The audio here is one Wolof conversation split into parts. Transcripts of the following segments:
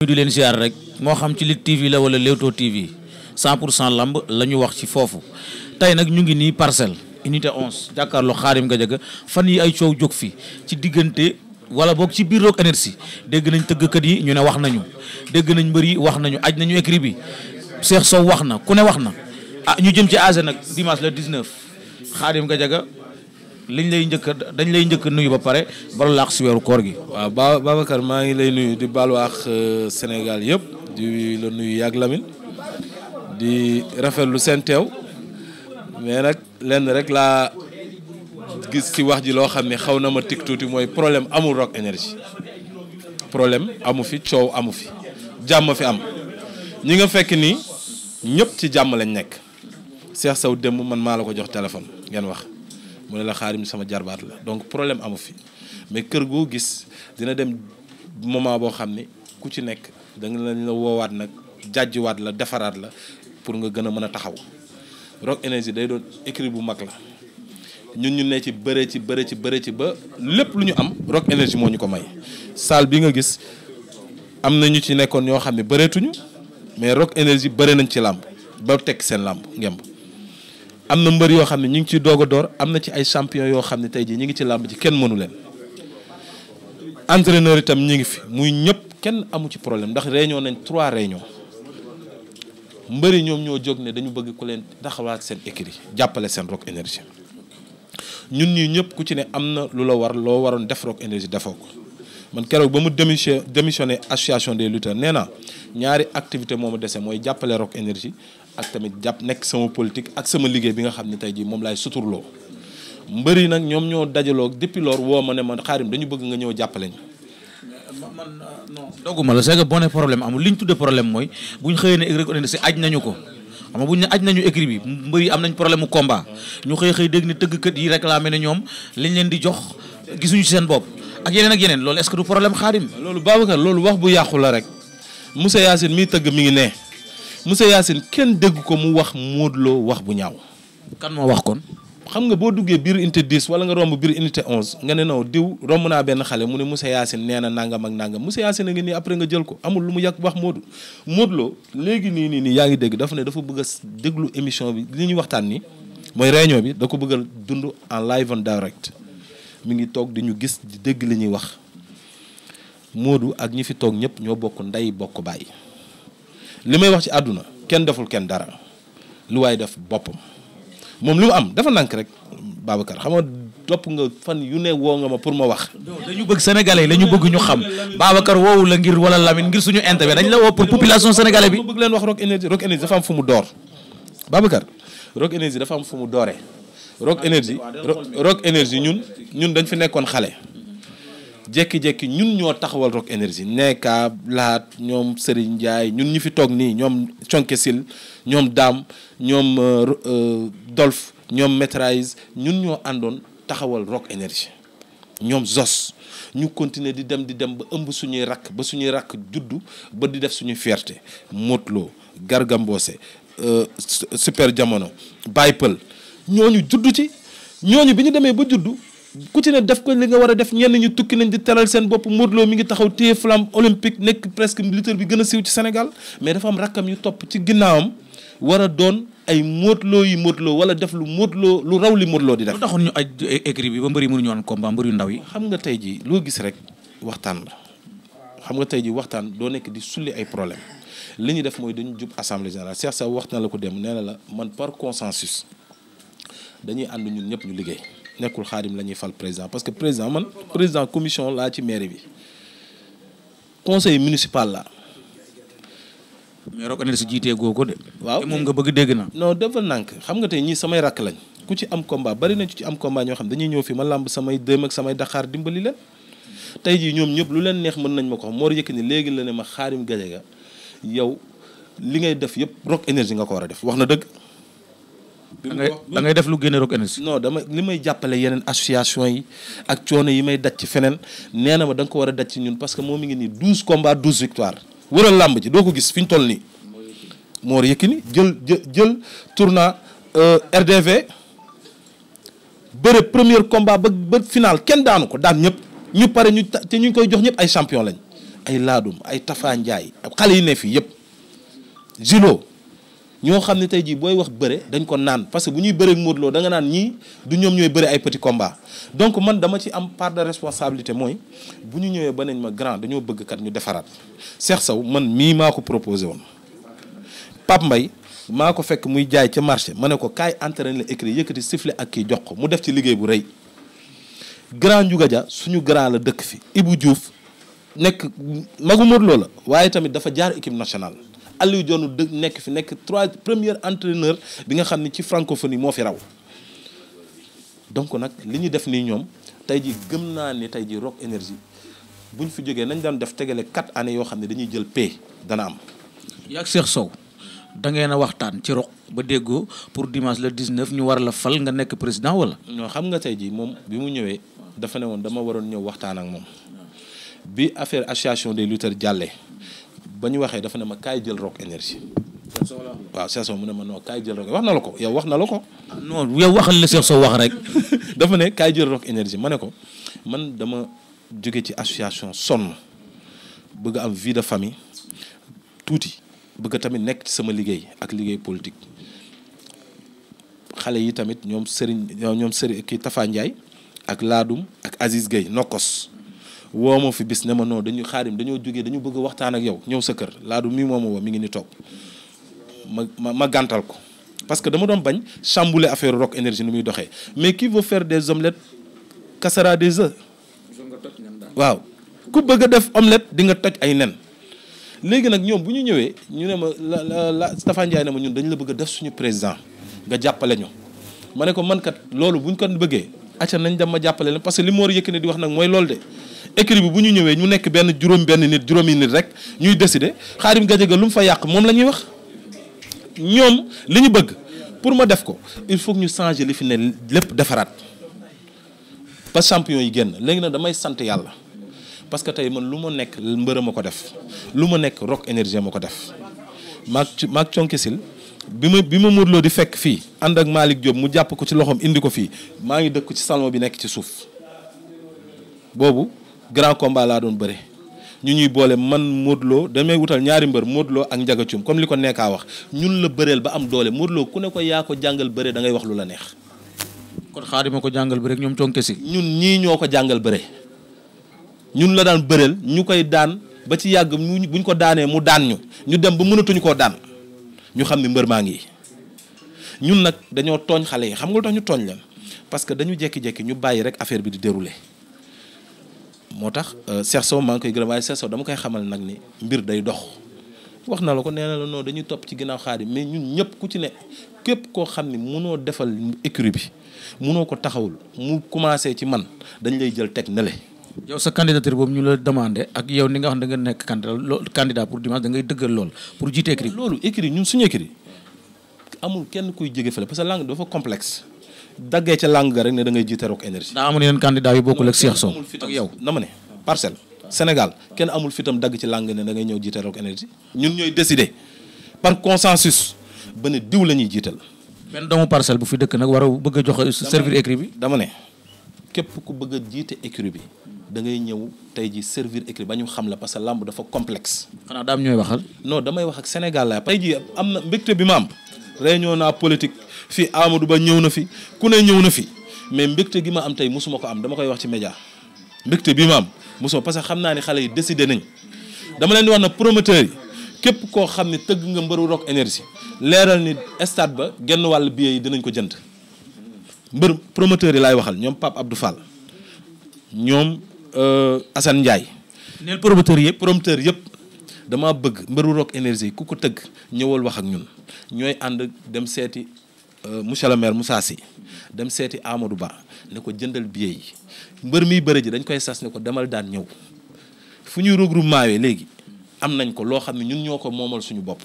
di leen ziar rek moo xam ci Lutte TV la wala Leewtoo TV 100 pour la ñu wax ci foofu tey nag ñu ngi nii parcelle unité 11 jàkkaarloo Xaadim Gajaga fan yi ay coow jóg fi ci diggante wala boog ci biir Rock Énergie dégg nañ tëggkat yi ñu ne wax nañu dégg nañ mbër yi wax nañu aj nañu écrit bi Cheikh Sow wax na ku ne wax na a ah, ñu jëm ci AG nag dimanche le 19 Xaadim Gajaga liñ lay njëkk dañ lay njëkk nuyu ba pare bala laax si weeru koor gi. waaw ba Babacar maa ngi lay nuyu di baalu àq euh, Sénégal yëpp di la nuyu yàgg Lamine di rafetlu seen teew mais nag lenn rek laa gis ci wax ji loo xam ne xaw na ma tik tuuti mooy problème amul Rock Énergie problème amu fi coow amu fi jàmm fi am ñi nga fekk nii ñëpp ci jàmm lañ nekk Cheikh Sow démb man maa la ko jox téléphone ngeen wax. mu ne la xaarim sama jarbaat la donc problème amu fi mais kër goo gis dina dem moment boo xam ne ku ci nekk da nga lañ la woowaat nag jàjjiwaat la defaraat la pour nga gën a mën a taxaw Rock Énergie day doon écrit bu mag la ñun ñu ne ci bëre ci bëre ci bëre ci ba lépp lu ñu am Rock Énergie moo ñu ko may salle bi nga gis am na ñu ci nekkoon ñoo xam ne bëreetuñu mais Rock Énergie bëre nañ ci làmp ba teg seen làmp ngemb am na mbër yoo xam ne ñu ngi ci doog a door am na ci ay champion yoo xam ne tey jii ñu ngi ci làmb ji kenn mënu leen itam ñu ngi fi muy ñëpp kenn amu ci problème ndax réunion nañ trois réunion mbër yi ñoom ñoo jóg ne dañu bëgg ku leen taxawaat seen écurie jàppale seen Rock Énergie ñun ñii ñëpp ku ci ne am na lu la war loo waroon def Rock Énergie defoo ko man keroog ba mu démission démissionné association des lutteurs nee na ñaari activité moo ma dese mooy jàppale Rock Énergie ak tamit jàpp nekk sama politique ak sama liggéey bi nga xam ne tey jii moom laay suturloo mbëri nag ñoom ñoo dajaloo depuis lors woo ma ne man xaarim dañu bëgg nga ñëw jàppale ñu. man euh, non dogguma la c'est que bon problème amul li ñu tuddee problème mooy bu ñu xëyee ne Rock si aj nañu ko. am nga bu ñu aj nañu écrit bi mbër yi am nañ problème mu combat ñu xëy xëy dégg ne tëggkat yi réclamé ne ñoom liñ leen di jox gisuñu ci bopp. ak yeneen ak yeneen loolu est-ce que du problème xaadim loolu Babacar loolu wax bu yàqu la rek Moussa Yacine miy tëgg mi ngi ne Moussa Yacine kenn dégg ko mu wax Modou loo wax bu ñaaw. kan moo wax kon. xam nga boo duggee biir unité 10 wala nga romb biir unité 11 nga ne naw diw romb naa benn xale mu ne Moussa Yacine nee na nangam ak nangam Moussa Yacine a ngi nii après nga jël ko amul lu mu yàgg wax Modou Modou Lo léegi nii nii yaa ngi dégg dafa ne dafa bëgg a déglu émission bi li ñuy waxtaan ni mooy réunion bi da ko bëgg dund en live and direct. mi ngi toog di gis di dégg li ñuy wax Modou ak ñi fi toog ñëpp ñoo bokk ndey bokk baay li may wax ci àdduna kenn deful kenn dara lu waaye def boppam moom lu mu am dafa nànk rek Babacar xam nga topp nga fan yu ne woo nga ma pour ma wax. dañu bëgg sénégalais la ñu bëgg ñu xam Babacar woowu la ngir wala Lamine ngir suñu interview dañ la woo pour population sénégalais bi. bëgg leen wax Rock Énergie Rock Énergie dafa am fu mu door Babacar Rock Énergie dafa am fu mu dooree. rock énergie rock énergie ñun ñun dañ fi nekkoon xale. jékki-jékki ñun ñoo taxawal rock énergie nekka laat ñoom Serigne Ndiaye ñun ñu fi toog nii ñoom Conke Sil ñoom daam ñoom euh, euh, Dolf ñoom Maîtrise ñun ñoo àndoon taxawal rock énergie ñoom Zos. ñu continuer di dem di dem ba ëmb suñuy rakk ba suñuy rakk juddu ba di def suñuy fierté Modou Lo Garga euh, Super Jamono Baye ñooñu juddu ci ñooñu bi ñu demee ba juddu ku ci ne def ko li nga war a def ñenn ñu tukki nañ di teral seen bopp mootloo Lo mi ngi taxaw téye flamme olympique nekk presque lutteur bi gën a siiw ci senegal mais dafa am rakkam yu topp ci ginnaawam war a doon ay Modou Lo yi Modou wala def lu Modou lu raw li Modou di def. lu taxoon ñu ay écrit bi ba mbëri mënuñu woon combat mbëri yu ndaw yi. xam nga tey jii loo gis rek waxtaan la xam nga tey ji waxtaan doo nekk di sulli ay problème li ñu def mooy dañu jub assemblée générale Cheikh Sow wax na la ko dem nee na la man par consensus. dañuy ànd ñun ñëpp lu liggéey nekkul xaarim la ñuy fal président parce que président man président commission laa ci maire bi conseil municipal la mais Rock Énergie jiitee goo ko de. waaw moom nga bëgg dégg na. non defal nànk xam nga tey ñii samay rakk lañ ku ci am combat bari nañ na ci am combat ñoo xam dañuy ñëw fi ma làmb samay dëm ak samay dimbali leen tey jii ñoom ñëpp lu leen neex mën nañ ma ko xam moo yëkk ni léegi la ne ma xaarim Khadim ga yow li ngay def yëpp Rock Énergie nga ko war a def wax na dëgg. da ngay def lu génne Rock Énergie non dama li may jàppale yeneen association yi ak coono yi may daj ci feneen nee na ma danga ko war a daj ci ñun parce que moom mi ngi nii douze combats douze victoire wëral làmb ji doo ko gis fi ñu toll nii Mor Yekini jël jël jël tournoi euh, RDV bëre première combat ba ba final kenn daanu ko daan ñëpp ñu pare ñu te ñu ngi koy jox ñëpp ay champion lañ ay laadum ay Tafa Ndiaye xale yi ne fii yëpp Zilo ñoo xam ne tey jii booy wax bëre dañ ko naan parce que bu ñuy bëre ak Modou Lo da nga naan ñii du ñoom ñooy bëre ay petit combat donc man dama ci am part de responsabilité mooy bu ñu ñëwee ba nañ ma grand dañoo bëgg kat ñu defaraat Cheikh saw man mii maa ko proposé woon Pape Mbaye maa ko fekk muy jaay ca marché ma ne ko kaay entraîné la écrit yëkkati sifflet ak kii jox ko mu def ci liggéey bu rëy grand Ndiouga Dia suñu grand la dëkk fi Ibou Diouf nekk magu Modou la waaye tamit dafa jaar équipe nationale Aliou Dione dëgg nekk fi nekk trois premier entraîneur bi nga xam ne ci francophonie moo fi raw donc nag li ñu def nii ñoom tey ji gëm naa ni tey ji Rock Énergie bu fi jógee nañ daan def tegale quatre années yoo xam ne dañuy jël paie dana am. yaa Cheikh Sow da ngeen a waxtaan ci Rock ba déggoo pour dimanche la 19 ñu war la fal nga nekk président wala. non xam nga tey ji moom bi mu ñëwee dafa ne woon dama waroon ñëw waxtaan ak moom bi affaire association des lutteurs jàllee. ba ñu waxee dafa ne ma kay jël rock énergie. waaw Cheikh Sow mu ne ma non kay jël rock wax na la ko yow wax na la ko. non yow waxal la Cheikh Sow wax rek. dafa ne kaay jël rock ma ne ko man dama jóge ci association sonn bëgg am vie de famille tuuti bëgg tamit nekk ci sama liggéey ak liggéey politique xale yi tamit ñoom Serigne ñoom Serigne kii Ndiaye ak Laadum ak Aziz Gueye nokkos woo ma fi bis ne ma non dañu xaarim dañoo jógee dañu bëgg waxtaan ak yow ñëw sa kër laadu mii moo ma woo mi ngi ni toog ma ma ma gàntal ko parce que dama doon bañ chambouler affaire rock énergie ni muy doxee mais qui veut faire des omelettes cassera des œufs waaw ku bëgg a def omelette di nga toj ay nen léegi nag ñoom bu ñu ñëwee ñu ne ma la la la Stapha ne ma ñun dañ la bëgg a def suñu président nga jàppale ñu ma ne ko man kat loolu buñ ko bëggee acca nañ dem ma jàppale leen parce que li Mor Yékini nag mooy loolu de écrit bi bu ñu ñëwee ñu nekk benn juróom benn nit juróomi nit rek ñuy décider Khadim Gadiaga lu mu fa yàq moom la ñuy wax ñoom li ñu bëgg pour ma def ko il faut ñu changer li fi ne lépp defaraat ba champion yi génn léegi nag damay sant yàlla parce que tey man lu ma nekk mbërë ma ko def lu ma nekk rock énergie ma ko def maag maag bi ma bi ma Modou di fekk fii ànd ak Malick Diop mu jàpp ko ci loxoom indi ko fii maa ngi dëkk ci salon bi nekk ci suuf boobu grand combat laa doon bëre ñu ñuy boole man Modou Lo damay wutal ñaari mbër Modou ak Ndiaga Thioum comme li ko nekka wax ñun la bëreel ba am doole Modou ku ne ko yaa ko jàngal bëre dangay wax lu la neex. kon xaarima ko jàngal bëre ñoom tonke si. ñun ñii ñoo ko jàngal bëre ñun la daan bëreel ñu koy daan ba ci yàgg mu buñ ko daanee mu daan ñu ñu dem ba mënatuñu koo daan ñu xam ni mbër maa ngi ñun nag dañoo tooñ xale yi xam nga lu tax ñu tooñ leen parce que dañu jékki-jékki ñu bàyyi rek affaire bi di dérouler. moo tax euh, Cheikh Sow maa ngi koy gërëm waaye Cheikh Sow dama koy xamal nag ni mbir day dox wax na la ko nee na la non dañuy topp ci ginnaaw xaari mais ñun ñëpp ku ci ne képp koo xam ne munoo defal écurie bi munoo ko taxawul mu commencé ci man dañ lay jël teg nele yow sa candidature boobu ñu la demande ak yow ni nga xam da nga nekk candidat lool candidat pour dimanche da ngay dëggal lool pour jiite écurie. loolu écurie ñun suñu écurie amul kenn kuy jege fële parce que langue dafa complexe. daggee ca làng ga rek ne da ngay jiite Rock Énergie. daa amoon yeneen candidat yu bokkul ak Cheikh Sow ak yow na ma ne parcelle. Sénégal kenn amul fitam dagg ci làng ne da ñëw jiite Rock Énergie. ñun ñooy décider par consensus ba ne diw la ñuy jiital. benn doomu parcelle bu fi dëkk nag war a bëgg a joxe servir écurie bi. dama ne képp ku bëgg jiite écurie bi da ngay ñëw tey ji servir écurie ba ñu xam la parce que làmb dafa complexe. xanaa daam ñooy wax non damay wax ak Sénégal laa. tey ji am na mbégte bi ma am. réunion fii Amadou Ba ñëw na fi ku ne ñëw na fi mais mbégte gi ma am tey mosuma ko am dama koy wax ci média mbégte bii ma am mosuma parce que xam naa ni xale yi décidé nañ dama leen di wax na promoteur yi képp koo xam ne tëgg nga mbëru Rock Énergie leeral ni stade ba genn wàll bi yi dinañ ko jënd mbër promoteur yi laay waxal ñoom pap Abdou Fall ñoom euh, Assane Ndiaye. neel promoteur yëpp promoteur yëpp dama bëgg mbëru Rock Énergie ku ko tëgg ñëwal wax ak ñun ñooy ànd dem seeti. Euh, monsieur le maire Moussa Sy dem seeti Amadou Ba ne ko jëndal billet yi mbër miy bëri ji dañ koy sas ne ko demal daan ñëw fu ñuy regroupement yooyu léegi am nañ ko loo xam ne ñun ñoo ko moomal suñu bopp.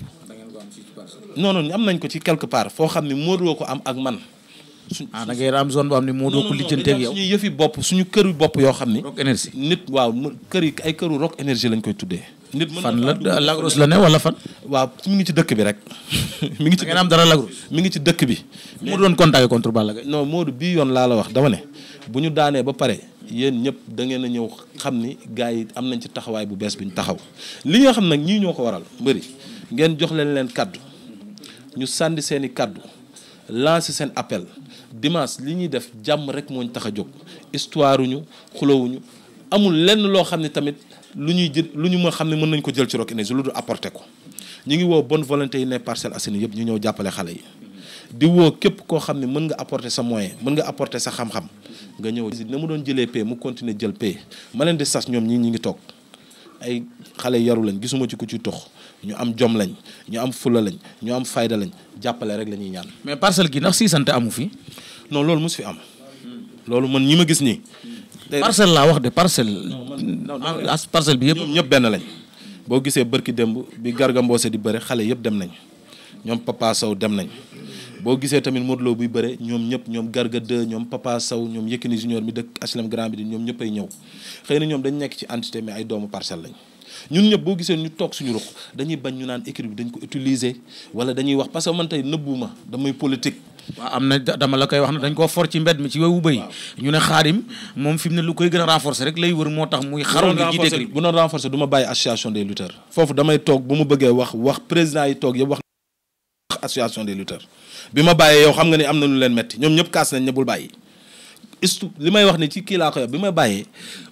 non non am nañ ko ci quelque part foo xam ne Modou ko am ak man. su ah da ngay am zone boo xam ne Modou ko lijjante yow suñuy yëfi bopp suñu kër bopp yoo xam ni. rock énergie nit waaw kër yi ay këru rock énergie lañ koy tuddee. nit mën fan la lagros la ne wala fan. waaw mu ngi ci dëkk bi rek. mi ngi ci ngeen am dara lagros. mi ngi ci dëkk bi. mu doon contacté contre Balla Gaye. non Modou bii yoon laa la wax dama ne bu ñu daanee ba pare yéen ñëpp da ngeen a ñëw xam ni gars yi am nañ ci taxawaay bu bees bu ñu taxaw li nga xam nag ñii ñoo ko waral mbëri ngeen jox leen leen kaddu ñu sànni seeni kàddu kaddu lancer seen appel dimanche li ñuy def jàmm rek moo ñu tax a jóg histoire ñu amul lenn loo xam ne tamit lu ñuy jël lu ñu ma xam ne mën nañ ko jël ci Rock Énergie lu dul apporter ko ñu ngi woo bon volonté yi ne Parcelles Assainies yëpp ñu ñëw jàppale xale yi di woo képp koo xam ne mën nga apporter sa moyen mën nga apporter sa xam-xam nga ñëw na mu doon jëlee paie mu continuer jël paie ma leen di sas ñoom ñii ñu ngi toog ay xale yaru lañ gisuma ci ku ci tox ñu am jom lañ ñu am fula lañ ñu am fayda lañ jàppale rek la ñuy ñaan mais parcelle gi ndax si sant amu fi non loolu mos fi am loolu gis nii parcelle laa wax de parcelle. Ah, as parcelle bi yëpp ñoom ñëpp benn lañ. boo gisee bërki démb bi Garga Mbossé di bëre xale yëpp dem nañ ñoom Papa saw dem nañ boo gisee tamit Modou Lo buy bëre ñoom ñëpp ñoom Garga 2 ñoom Papa saw ñoom Yékini Junior mi dëkk HLM Grand bi di ñoom ñëpp ay ñëw xëy na dañ nekk ci entité mais ay doomu parcelle lañ. ñun ñëpp boo gisee ñu toog suñu ruq dañuy bañ ñu naan équipe bi dañ ko utiliser wala dañuy wax parce que man tey nëbbuma damay politique. waaw am na dama la koy wax ne dañ koo for ci mbed mi ci wewu bëy ñu ne xaadim moom fi mu ne lu koy gën a renforcer rek lay wër moo tax muy xaru ngi jiite bu doon ma bàyyi association des lutteurs foofu damay toog bu ma bëggee wax wax président yi toog yëpp wax des lutteurs bi ma bàyyee yow xam nga ni am na lu leen metti ñoom ñëpp kaas nañ ne bul bàyyi istu li may wax ni ci kii laa ko wax bi ma bàyyee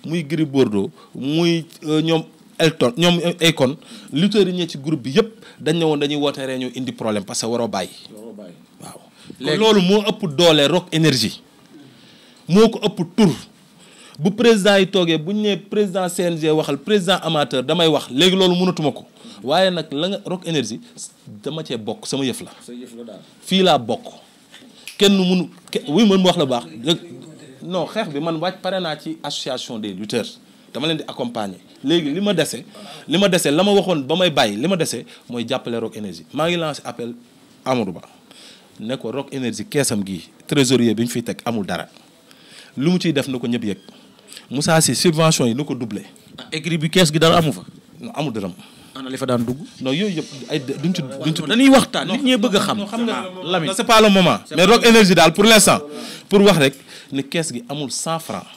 muy Gris Bordeaux muy euh, ñoom Elton ñoom Akon lutteurs yi ñee ci group bi yëpp dañ ne woon dañuy woote réunion indi problème parce que waroo bàyyi waaw loolu moo ëpp doole Rock Énergie moo ko ëpp tur bu président yi toogee bu ñu nee président CNG waxal président amateur damay wax léegi loolu mënatuma ko waaye nag la nga Rock Énergie dama cee bokk sama yëf la fii laa bokk kenn mënu wuy mën wax la baax non xeex bi man wàcc pare naa ci association des lutteurs dama leen di accompagner léegi li ma dese li ma dese la ma waxoon ba may bàyyi li ma dese mooy jàppale Rock Énergie maa ngi lancé appel Amadou Ba ne ko Rock Énergie keesam gi trésorier bi ñu fiy teg amul dara lu mu ciy def na ko ñëpp yëg Moussa si subvention yi lu ko duble écrit bi kees gi dara amu fa. amul dërëm. ana li fa daan dugg. non yooyu yëpp ay duñ ci duñ ci. dañuy waxtaan nit ñee bëgg a xam. xam nga Lamine c'est pas le moment. mais Rock Énergie daal pour l'instant pour wax rek ni kees gi amul cent francs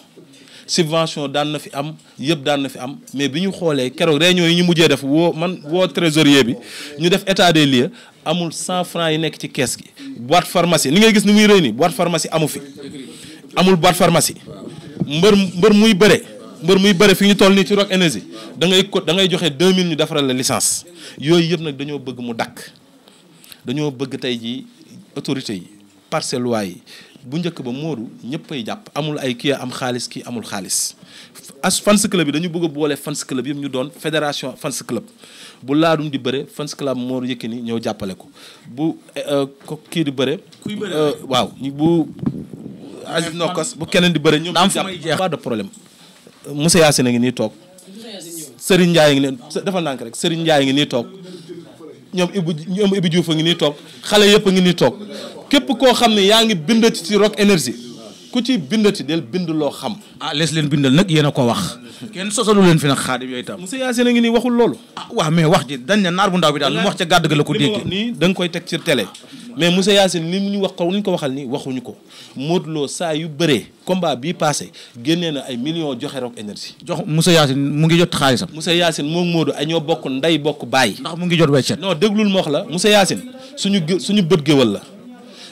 subvention daan na fi am yëpp daan na fi am mais bi ñu xoolee keroog réunion yi ñu mujjee def woo man woo trésorier bi ñu def état de lieux amul cent francs yi nekk ci kees gi. boîte pharmacie ni ngay gis ni muy réy nii boîte pharmacie amu fi amul boîte pharmacie mbër mbër muy bëre mbër muy bëre fi ñu toll nii ci Rock Énergie da ngay ko da ngay joxe 2000 ñu defaral la licence yooyu yëpp nag dañoo bëgg mu dakk dañoo bëgg tey ji autorité yi parcelles yi bu njëkk ba Modou ñëppay jàpp amul ay kii am xaalis kii amul xaalis as fans club yi dañu bëgg a boole fans club yëpp ñu doon fédération fans club bu laadum di bëre fans club Modou ni ñëw jàppale ko bu eh, eh, ko kii di bëre. kuy bëre eh, waaw bu. Aziz Nokos bu keneen di bëre ñoom. daam jàpp pas de problème. Moussa Yacine a ngi nii toog. Serigne Ndiaye ngi leen defal nànk rek Serigne Ndiaye ngi nii toog ñoom Ibou ñoom a ngi nii toog xale yëpp a ngi nii toog. képp koo xam ne yaa ngi bindati ci Rock Énergie ku ci bindati del bind loo xam. ah lees leen bindal nag yéen a ko wax. kenn sosalu leen fi nag xaadim yooyu tam. monsieur Yacine a ngi nii waxul loolu. ah wax ji dañ ne naar bu ndaw mu gàdd ga la ko koy teg ci télé. mais wax ko ni ñu ko waxal nii ko Modou Lo saa yu bëree combat bii passé génnee na ay millions joxe Rock Énergie. jox monsieur Yacine mu ngi jot xaalisam. monsieur moom Modou ay ñoo bokk nday bokk bàyyi. ndax mu ngi jot weccet. non déglul ma wax la monsieur Yacine suñu suñu bët géwal la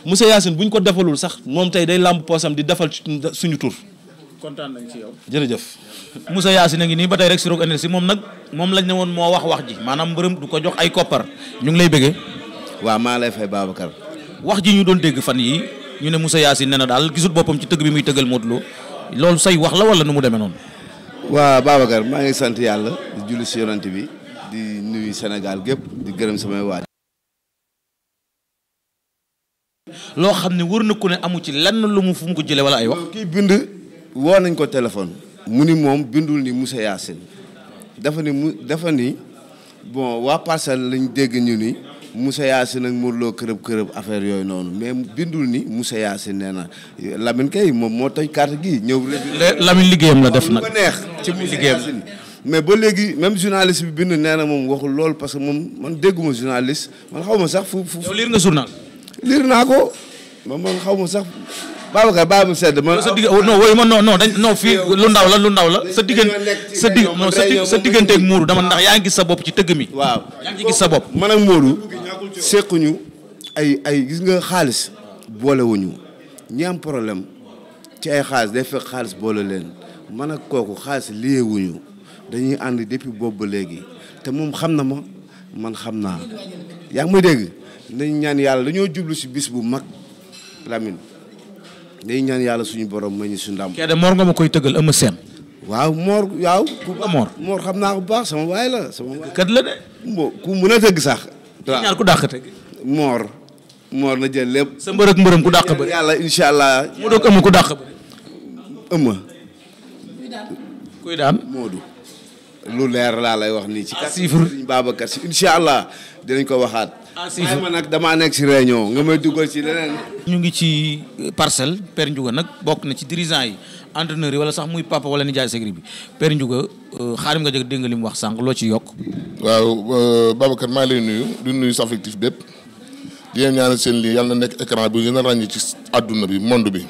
monsieur Yacine bu ñu ko defalul sax moom tey day làmb poosam di defal suñu tur. kontaan nañ ci yow. jërëjëf. Moussa Yacine a ngi nii ba tey rek si Rock Énergie moom nag moom lañ ne woon moo wax wax ji maanaam mbërëm du ko jox ay koppar ñu ngi lay bëggee. waaw maa lay fay Babacar. wax ji ñu doon dégg fan yi ñu ne Moussa Yacine nee na daal gisul boppam ci tëgg bi muy tëggal moo Lo loolu say wax la wala nu mu demee noonu. waa Babacar maa ngi sant yàlla di si yonante bi di nuyu Sénégal gépp di gërëm samay waaj. loo xam ne wër na ko ne amu ci lan lu mu fu mu ko jëlee wala ay wax. kii bind woo nañ ko téléphone. mu ni moom bindul ni Moussa Yacine dafa ni mu dafa bon waa parcelle lañ dégg ñu ni Moussa Yacine ak Modou Lo affaire yooyu noonu mais bindul ni Moussa Yacine nee na Lamine kay moom moo toj carte gi ñëw. Lamine liggéeyam la def nag ko ci Moussa Yacine mais ba léegi même journaliste bi bind nee na moom waxul lool parce que moom man dégguma journaliste man xaw ma sax fu fu. yow liir nga journal. liir naa ko. man man xaw ma sax. Babacar bàyyi mu sedd man. sa digg non wooyu dañ non fii lu ndaw la lu ndaw la sa diggan sa digg non sa digganteeg Moodu dama ndax yaa ngi gis sa bopp ci tëgg mi. waaw yaa gis sa bopp. man ak Moodu sequñu ay ay gis nga xaalis boolewuñu ñi am problème ci ay xaalis day fekk xaalis boole leen man ak kooku xaalis lié wuñu dañuy ànd depuis boobu ba léegi te moom xam na ma man xam naa yaa ngi may dégg. nañ ñaan yàlla dañoo jublu si biis bu mag Lamine dañ ñaan yàlla suñu borom ma su suñu ndam. kii de nga ma koy tëggal Eumeu Sène. waaw Mor waaw. ku Mor xam naa bu baax sama waay la sama waay. la de. bon ku mën a tëgg sax. ku dàq tëgg. Mor. Mor na jël lépp. sa mbërëg mbërëm ku dàq ba yàlla incha allah. mu doog ku dàq bëri. Eumeu. kuy daan Modou. lu leer laa lay wax nii. ci kàddu gi Babacar si incha allah dinañ ko waxaat. assis ah, ma nag damaa nekk si réunion nga may duggal si leneen. ñu ngi ci euh, parcelle Père Ndiouga nag bokk na ci dirigeant yi entraîneur yi wala sax muy papa wala nijaay segri bi Père Ndiouga xaarim euh, nga jëg dégg nga li wax sànq loo ci yokk. waaw euh, Babacar maa lay nuyu di nuyu sa affectif bépp di leen ñaanal seen yàlla na nekk écran bi gën a ràññee ci àdduna bi monde bi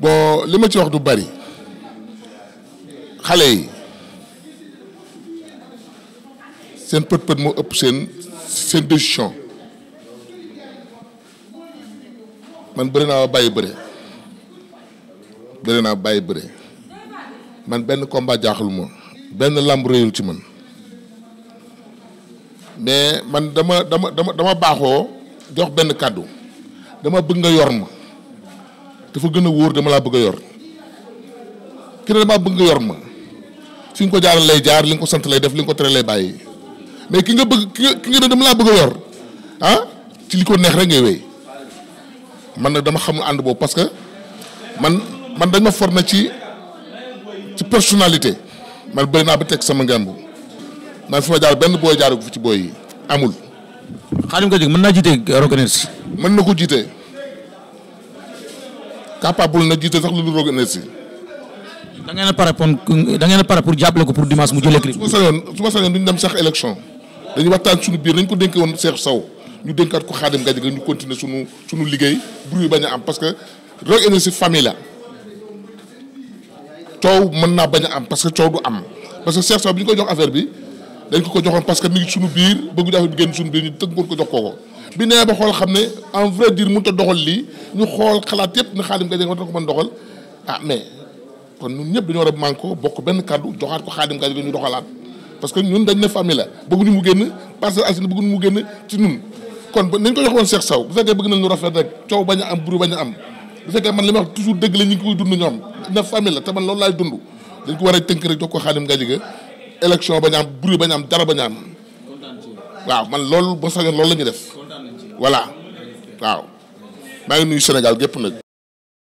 bon li ma ci wax du bari xale yi seen pët pët moo ëpp seen. séduction man bëri naa ba bàyyi bëre bëri naa ba bàyyi bëre man benn combat jaaxlu ma benn lamb réyul ci man mais man dama dama dama dama baaxoo jox benn kàddu dama bëgg nga yor ma dafa gën a wóor dama laa bëgg a yor ki ne dama bëgg nga yor ma fi nga ko jaar lay jaar li nga ko sant lay def li nga ko tere lay bàyyi. mais ki nga bëgg ki nga ki nga laa bëgg yor ah ci li ko neex rek ngay wéy man na dama xamul ànd boobu parce que man man dañ ma formé ci ci personnalité man bëri naa ba teg sama ngemb man fi ma jaar benn booy jaaru fi ci booy yi amul. Khadim Gadji mën naa jiite Rock Énergie. mën na ko jiite capable na jiite sax lu dul Rock Énergie. da ngeen a pare pour da ngeen a pare pour jàppale ko pour dimanche mu jëlee. su ma su ma sañoon duñ dem sax élection. dañuy waxtaan suñu biir dañ ko dénk woon Cheikh saw ñu dénkaat ko Khadim Gadji ñu continuer suñu suñu liggéey bruit bañ am parce que Rock famille la coow mën naa bañ am parce que coow du am parce que Cheikh Sow bi ñu koy jox affaire bi dañ ko ko joxoon parce que mi ngi suñu biir bëgguñu affaire bi génn suñu biir ñu tënkoon ko jox kooko bi nee ba xool xam ne en vrai dire mënut a doxal lii ñu xool xalaat yëpp ne Khadim Gadji war na ko mën doxal ah mais kon ñun ñëpp dañoo war a bokk benn kàddu joxaat ko Khadim Gadji ñu parce que ñun dañ ne famille la bëgguñu mu génn Parcelles Assainies bëgguñu mu génn ci ñun kon nañ ko jox woon Cheikh Sow bu fekkee bëgg nañ lu rafet rek coow bañ a am buru bañ a am bu fekkee man li ma wax toujours dëgg la ñu ngi koy dund ñoom na famille la te man loolu laay dund dañ ko war a tënk rek jox ko xaalim Gadiaga élection bañ am buru bañ am dara bañ a am waaw man loolu boo sañoon loolu la ñuy def voilà waaw maa ngi nuyu Sénégal gépp nag